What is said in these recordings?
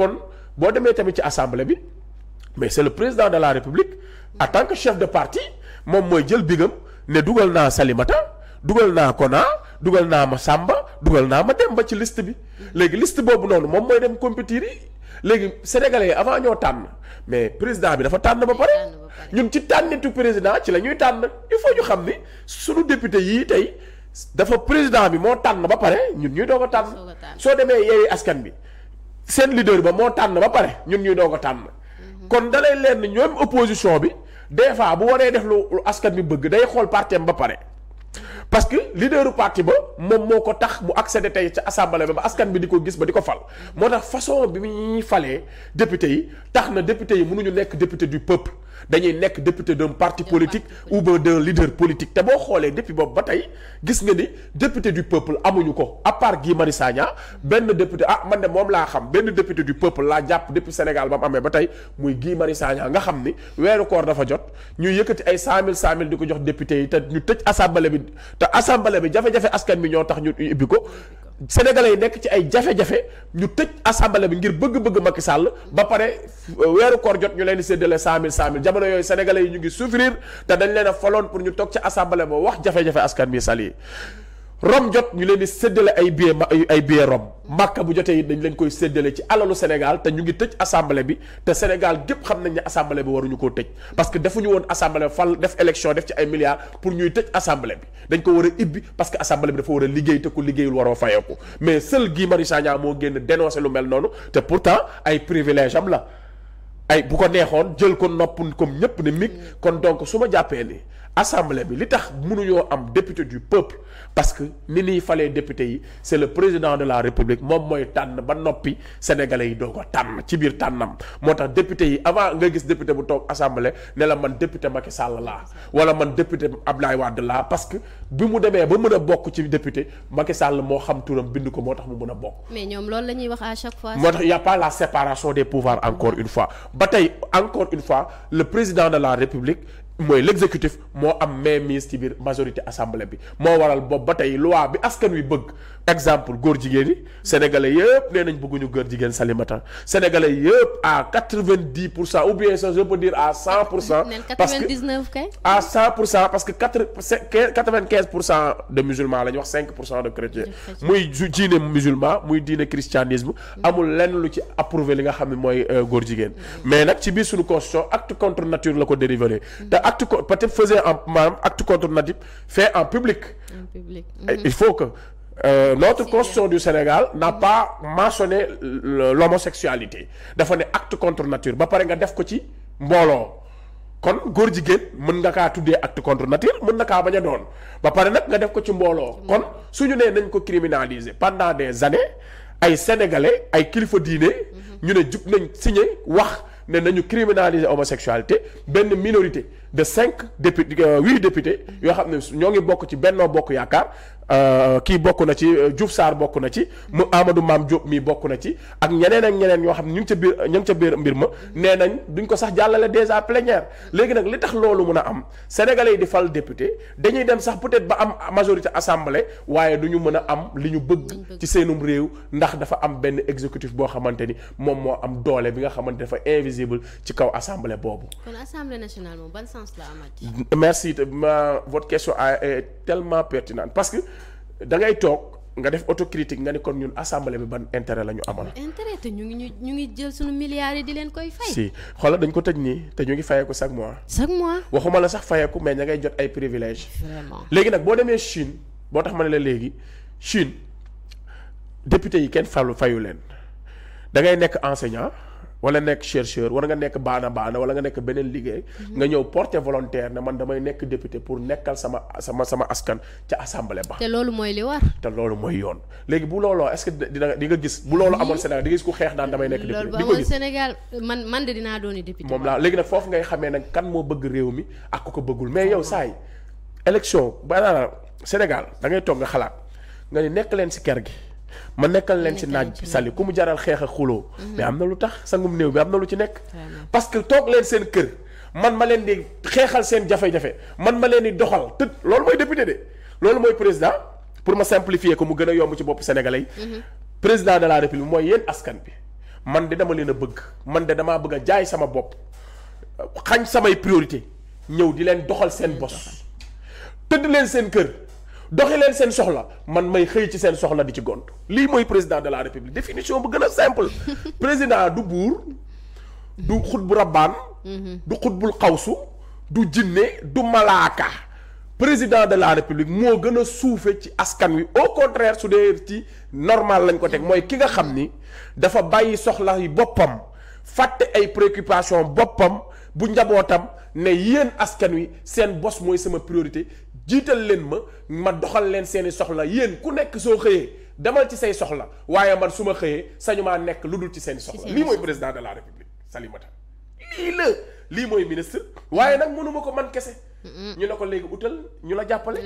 kon boo demee tamit ci assemblée bi mais c'est le président de la république en tant que chef de parti moom mooy jël bigam ne dugal naa Salimata dugal naa ko Kona dugal naa ma Samba dugal naa ma ba ci liste bi léegi liste boobu noonu moom mooy dem compétir léegi sénégalais yi avant ñoo tànn mais président bi dafa tànn ba pare ñun ci tànnitu président ci la ñuy tànn il faut ñu xam ni sunu député yii tey dafa président bi moo tànn ba pare ñun ñuy doog a tànn soo demee askan bi seen leader ba moo tànn ba pare ñun ñuy doog a tànn. kon dalay leen ni ñoom opposition bi des fois bu waree def lu askan bi bëgg day xool partem ba pare. parce que leaderu parti ba moom moo ko tax mu accéder tey ca assemblée ba askan bi di ko gis ba di ko fal moo tax façon bi ñuy falee député yi tax na député yi mënuñu nekk député du peuple dañuy nekk député d'un parti politique ou bien d'un leader politique te boo xoolee depuis boobu ba tey gis nga ni député du peuple amuñu ko à part Guy Marius benn député ah man de moom laa xam benn député du peuple laa jàpp depuis Sénégal ba mu amee ba tey muy Guy Marius Sagna nga xam ni weeru koor dafa jot ñu yëkkati ay 100000 100000 di ko jox député yi te ñu tëj assemblée bi te assemblée bi jafe-jafe askan bi ñoo tax ñu ubbi ko sénégalais yi nekk ci ay jafe-jafe ñu tëj assemblée bi ngir bëgg-bëgg Macky sàll ba pare weeru koor jot ñu leen di séddale cent mille cent mille jamono yooyu sénégalais yi ñu ngi souffrir te dañ leen a pour ñu toog ci assemblée ba wax jafe-jafe askan bi sal yi rom jot ñu leen di séddale ay billet ay billet rom màkka bu jotee yi dañ leen koy séddale ci alalu Sénégal te ñu ngi tëj assemblée bi te Sénégal gépp xam nañ ne assemblée bi waruñu koo tëj parce que defuñu woon assemblée fal def élection def ci ay milliards pour ñuy tëj assemblée bi dañ ko war a ibbi parce que assemblée bi dafa war a liggéey te ku liggéeyul waroo fayeeku mais seul Guy Marius Sagna moo génn dénoncé lu mel noonu te pourtant ay privilège am la ay bu ko neexoon jël ko nopp comme ñëpp ne mig mm. kon donc su ma jàppee ni assemblée bi li tax mënuñoo am député du peuple parce que ni ñuy falee député yi c'est le président de la république moom mooy tànn ba noppi sénégalais yi doo ko tànn ci biir tànnam moo tax député yi avant nga gis député bu toog assemblée ne la man député Macky Sall laa wala man député Abdoulaye Wade laa parce que bi mu demee ba mën a bokk ci député Macky Sall moo xam turam bind ko moo tax mu mën a bokk. mais ñoom loolu la ñuy wax à chaque fois. moo tax y a pas la séparation des pouvoirs encore mm-hmm. une ba tey encore une fois le président de la république. mooy l'exécutif moo am mainmise ci biir majorité assemblée bi moo waral boobu ba tey loi bi askan wi bëgg exemple góor jigéen yi sénégalais yëpp nee nañ bëgguñu góor jigéen Salimata sénégalais yëpp à quatre-vingt-dix pour cent ou bien ça je peux dire à parce que à cent pour cent parce que quatre-vingt-quinze pour cent de musulmans la ñu wax cinq pour cent de chrétiens muy diine musulman muy diine christianisme mm-hmm. amul lenn lu ci approuvé li nga xam ne mooy euh, góor jigéen mm-hmm. mais nag ci biir suñu constitution acte contre nature la ko dérivé mm-hmm. acte peut-être faisait en maanaam acte contre nature fait en public. en mhm. il faut que euh, notre constitution du Sénégal n'a mhm. pas mentionné l'homosexualité dafa ne acte contre nature ba pare nga def ko ci mbooloo. kon góor jigéen mën nga kaa tuddee acte contre nature mën na kaa bañ a doon ba pare nag nga def ko ci mbooloo kon ñu nee nañ ko criminaliser pendant des années ay sénégalais ay kilifa diine mhm. ñu ne jub nañ signé wax ne nañu criminaliser homosexualité benn minorité de cinq députés euh, huit députés yoo xam ne ñoo ngi bokk ci Benno Bokk Yaakaar Euh, kii bokk na ci euh, Diouf saar bokk na ci mu Amadou maam Diop mii bokk na ci ak ñeneen ak ñeneen ñoo xam ne ñu ngi ca biir ñu ca biir mbir ma nee nañ duñ ko sax jàllale déjà plénière léegi nag li tax loolu mën a am sénégalais yi di fal député dañuy dem sax peut-être ba am majorité assemblée waaye du ñu mën a am li ñu bëgg ci seenum réew ndax dafa am benn exécutif boo xamante ni moom moo am doole bi nga xamante dafa invisible ci kaw assemblée boobu. kon assemblée nationale moom ban sens la amati. merci parce que. da ngay toog nga def autocritique nga ni kon ñun assemblée bi ban intérêt la ñu amal. intérêt te ñu ngi ñu ngi jël suñu milliards yi di leen koy fay. si xoolal dañ ko tëj nii te ñu ngi fayeeku chaque mois. chaque mois waxuma la sax fayeeku mais ña ngay jot ay privilèges. vraiment léegi nag boo demee Chine boo tax ma ne la léegi Chine député yi kenn falu fayu leen da ngay nekk enseignant. wala nekk chercheur war nga nekk baana baana wala nga nekk beneen liggéey. Mhm. nga ñëw porter volontaire ne man damay nekk député pour nekkal sama sama sama askan ca assemblée ba. te loolu mooy li war. te loolu mooy yoon léegi bu looloo est que dina di gis. bu loolu amoon Sénégal di gis ku xeex naan damay nekk. député di ko gis Sénégal man man de dinaa moom laa léegi nag foofu ngay xamee nag kan moo bëgg réew mi ak ku ko bëggul mais yow ah. saay yi élection ah, Sénégal da ngay toog nga xalaat nga ne nekk leen si ker gi ma nekkal leen si naaj sali ku mu jaral xeex xuloo mhm. mais am na lu tax sangum néew bi am na lu ci nekk parce que toog leen seen kër man ma leen di xeexal seen jafe-jafe man ma leen di doxal tëdd loolu mooy député de loolu mooy président pour ma simplifier ko mu gën a yomb ci bopp sénégalais yi mhm. de la république mooy yéen askan bi man de dama leen a bëgg man de damaa bëgg a jaay sama bopp xañ samay priorité ñëw di leen doxal seen bos tëdd leen seen kër doxi leen seen soxla man may xëy ci seen soxla di ci gont lii mooy président de la république définition bu gën a simple président du buur du xutbu rabbaan mhm. du xutbul xawsu du jinne du malaaka président de la république moo gën a suufe ci askan wi au contraire su dee ci normal lañ ko teg mooy ki nga xam ni dafa bàyyi soxla yi boppam fàtte ay préoccupation boppam bu njabootam ne yéen askan wi seen bos mooy sama priorité jiital leen ma ma doxal leen seeni soxla yéen ku nekk soo xëyee demal ci say soxla waaye man su ma xëyee sañu maa nekk lu dul ci seeni soxla lii mooy président de la république Salimata lii la lii mooy ministre waaye nag mënuma ko man kese ñu ne ko léegi utal ñu la jàppale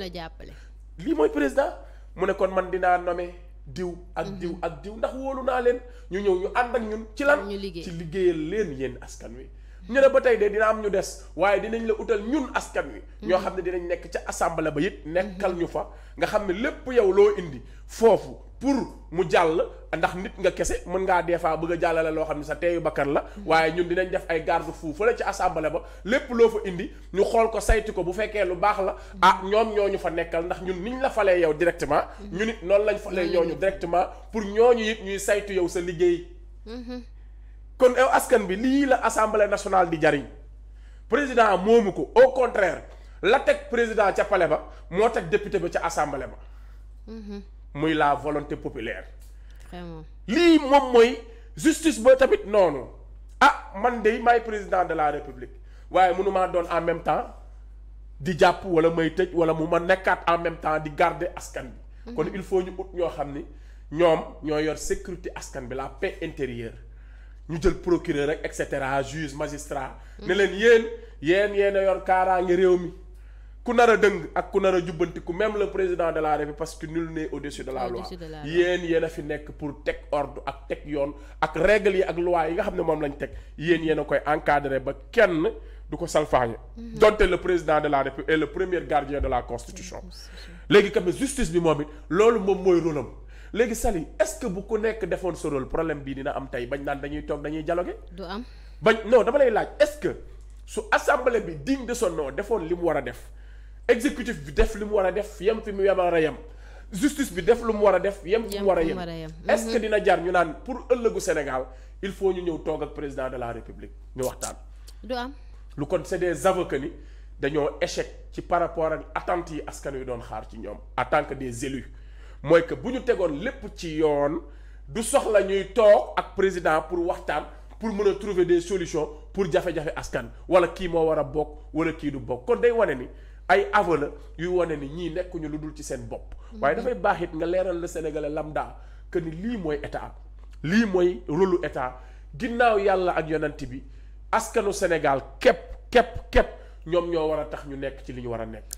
lii mooy président mu ne kon man dinaa nommer diw ak mm-hmm. diw ak diw ndax wóolu naa leen ñu ñëw ñu ànd ak ñun ci lan ci liggéeyal leen yéen askan wi ñu ne ba tey de dina am ñu des waaye dinañ la utal ñun askan wi. Mm-hmm. ñoo xam ne dinañ nekk ca assemblée ba it nekkal ñu fa nga xam ne lépp yow loo indi foofu pour mu jàll ndax nit nga kese mën ngaa dee fois bëgg a jàllale loo xam ne sa teeyu bakkan la. Mm-hmm. waaye ñun dinañ def ay garde fou la ci assemblée ba lépp loo fa indi ñu xool ko saytu ko bu fekkee lu baax la mm-hmm. ah ñoom ñoo ñu fa nekkal ndax ñun niñ la falee yow directement. ñun it noonu lañ falee ñooñu directement pour ñooñu it ñuy saytu yow sa liggéey. kon askan bi lii la assemblée nationale di jariñ président moomu ko au contraire la teg président ca palais ba moo teg député ba ca assemblée ba. Mhm. muy la volonté populaire. lii moom mooy justice boo tamit noonu ah man de may président de la république waaye mënumaa doon en même temps di jàpp wala may tëj wala mu ma nekkaat en même temps di garder askan bi. Mhm. kon il faut ñu ut ñoo xam ni ñoom ñoo yor sécurité askan bi la paix intérieure. ñu jël procureur rek et cetera juge magistrat. ne leen yéen yéen yéen a yor kaaraange réew mi ku nar a dëng ak ku nar jubbantiku même le président de la République parce que nul n'est au-dessus de la loi yéen yéen a fi nekk pour teg ordre ak teg yoon ak règle yi ak loi yi nga xam ne moom lañ teg yéen yéen a koy encadrer ba kenn du ko salfaañe mhm. donte le président de la République est le premier gardien de la constitution léegi kat justice bi moom it loolu moom mooy rôle am léegi Saly est-ce que bu ku nekk defoon sa rôle problème bii dina am tey bañ naan dañuy toog dañuy dialoguer. du am bañ non dama lay laaj est-ce que su assemblée bi digne de son defoon li mu war a def exécutif bi def li mu war a def yem fi mu war a yem justice def lu mu war a def yem fi mu war a yem est mhm. dina jar ñu naan pour ëllëgu Sénégal il faut ñu ñëw toog ak président de la République ñu waxtaan. du am lu kon c'est des avocats ni dañoo échec ci par rapport ak attentes yi askan wi doon xaar ci ñoom en tant que des élus. mooy que bu ñu tegoon lépp ci yoon du soxla ñuy toog ak président pour waxtaan pour mën a trouver des solutions pour jafe-jafe askan wala kii moo war a bokk wala kii du bokk kon day wane ni ay aveu la yuy wane ni ñii nekkuñu lu dul ci seen bopp. Mm-hmm. waaye dafay baax it nga leeral le sénégalais lambda que ni lii mooy état lii mooy rôlu état ginnaaw yàlla ak yonent bi askanu Sénégal képp képp képp ñoom ñoo war a tax ñu nekk ci li ñu war a nekk.